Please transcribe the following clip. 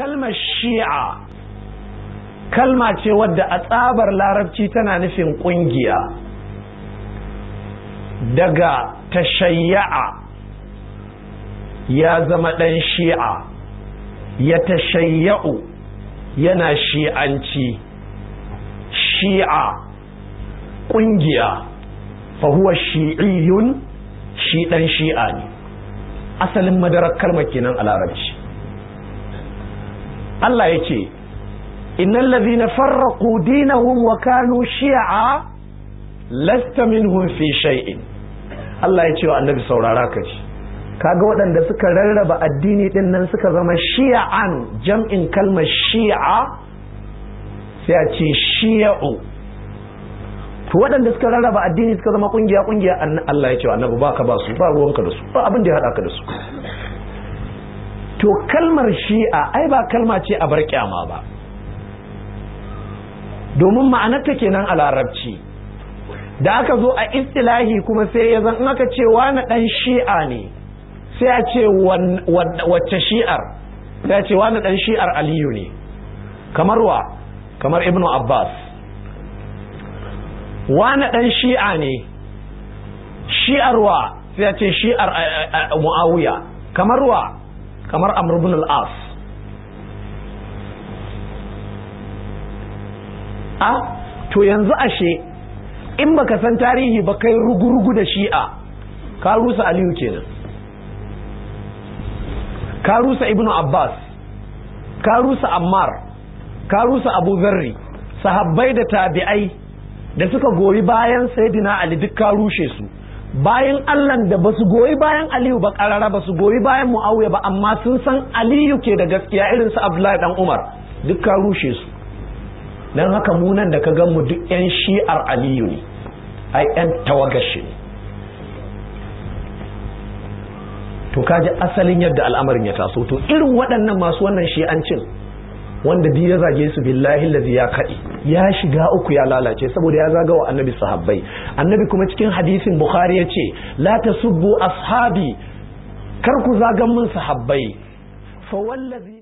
kalmar shi'a kalma ce wadda a tsabar larabci tana nufin ƙungiya daga tashayya'a ya zama ɗan shi'a ya tashayya'u yana shi'anci shi'a ƙungiya fahuwa shi'iyun shi ɗan shi'a ne asalin madarar kalmar kenan a larabci Allah ya ce innal ladhina farraqu dinahum wa kanu shi'a lasta minhum fi shay'in Allah ya ce wa annabi saurara ka ji kaga waɗanda suka rarraba addini din nan suka zama shi'an jam'in kalmar shi'a sai a ce shi'u to waɗanda suka rarraba addini suka zama ƙungiya-ƙungiya, Allah ya ce wa annabi baka ba su ba ruwanka da su ba abin da ya haɗa ka da su to kalmar shi'a ai ba kalma ce a bar kyama ba domin ma'anarta kenan a larabci da aka zo a istilahi kuma sai ya zan aka ce wani dan shi'a ne sai a ce wacce shi'ar sai a ce wani dan shi'ar aliyu ne kamar wa kamar ibnu abbas wani dan shi'a ne shi'ar wa sai a ce shi'ar muawiya kamar wa kamar amr ibn al-as a to yanzu ashe in baka san tarihi ba kai rugurugu da shi'a ka rusa aliyu kenan ka rusa ibn abbas ka rusa ammar ka rusa abu zarri sahabbai da tabi'ai da suka goyi bayan saidina ali duk ka rushe su bayan Allah da ba su goyi bayan Aliyu ba karara ba su goyi bayan Muawiya ba amma sun san Aliyu ke da gaskiya irin su Abdullahi dan Umar duk ka rushe su dan haka mu nan da ka gan mu duk yan shi'ar Aliyu ne ai yan tawagashi ne to kaji asalin yadda al'amarin ya taso to irin waɗannan masu wannan shi'ancin wanda duk ya zage su billahi lazi ya kaɗi ya shiga uku ya lalace saboda ya zaga wa annabi sahabbai annabi kuma cikin hadisin bukhari ya ce la subbu ashabi kar ku zagan min sahabbai fa